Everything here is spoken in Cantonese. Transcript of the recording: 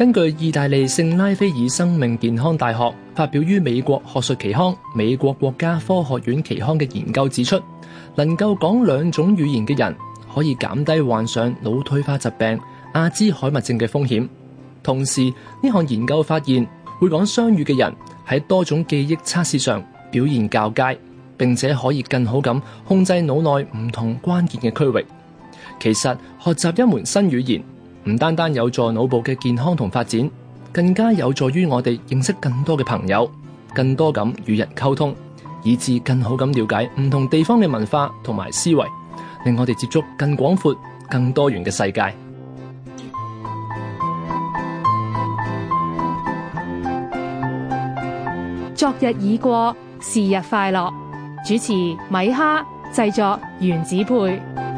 根據意大利聖拉斐爾生命健康大學發表於美國學術期刊《美國國家科學院期刊》嘅研究指出，能夠講兩種語言嘅人可以減低患上腦退化疾病、阿茲海默症嘅風險。同時，呢項研究發現，會講雙語嘅人喺多種記憶測試上表現較佳，並且可以更好咁控制腦內唔同關鍵嘅區域。其實，學習一門新語言，唔單單有助腦部嘅健康同發展，更加有助於我哋認識更多嘅朋友，更多咁與人溝通，以致更好咁了解唔同地方嘅文化同埋思維，令我哋接觸更廣闊、更多元嘅世界。昨日已過，是日快樂。主持米哈，製作原子配。